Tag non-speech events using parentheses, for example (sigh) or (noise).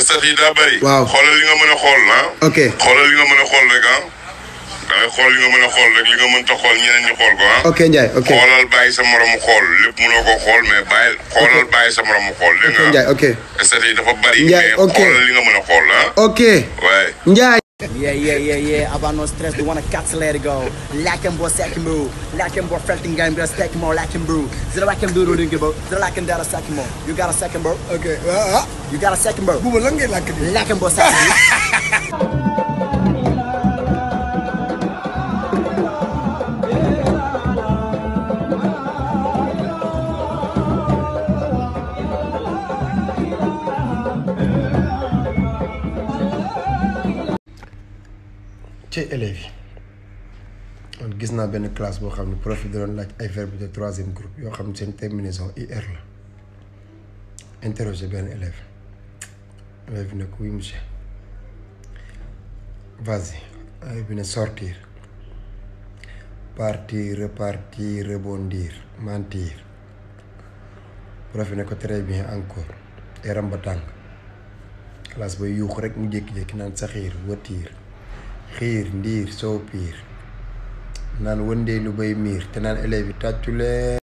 stade yi daa bëri. waaw xoolal li nga mën a xool ah. ok xoolal li nga mën a xool rek ah. da ngay xool li nga mën a xool rek li nga mënta xool ñeneen ñi xool ko ah. ok Ndiaye ok xoolal bàyyi sa moromu xool lépp mënoo ko xool mais bàyyi xoolal bàyyi sa moromu xool. dégg nga ok Ndiaye ok dafa bëri. Ndiaye ok mais xoolal li nga mën a xool yeah, yeah, yeah, yeah. About no stress, don't wanna cut, let it go. Lack and boy, second move. Lack and boy, felting game, just take more, lack a second more. You got a second, bro? Okay. Uh -huh. second, bro? (laughs) ci élèves yi man gis naa benn classe boo xam ne prof da doon laaj ay verbe de troisième groupe yoo xam ne seen terminaison IR la interroger benn élève élève bi ne ko oui monsieur vas-y élève bi ne sortir partir repartir rebondir mentir prof ne ko très encore yaram ba tàng classe ba yuux rek mu jékki-jékki naan saxiir watiir xiir ndiir soow piir naan wëndeelu bay miir te naan élèves yi tàccu leen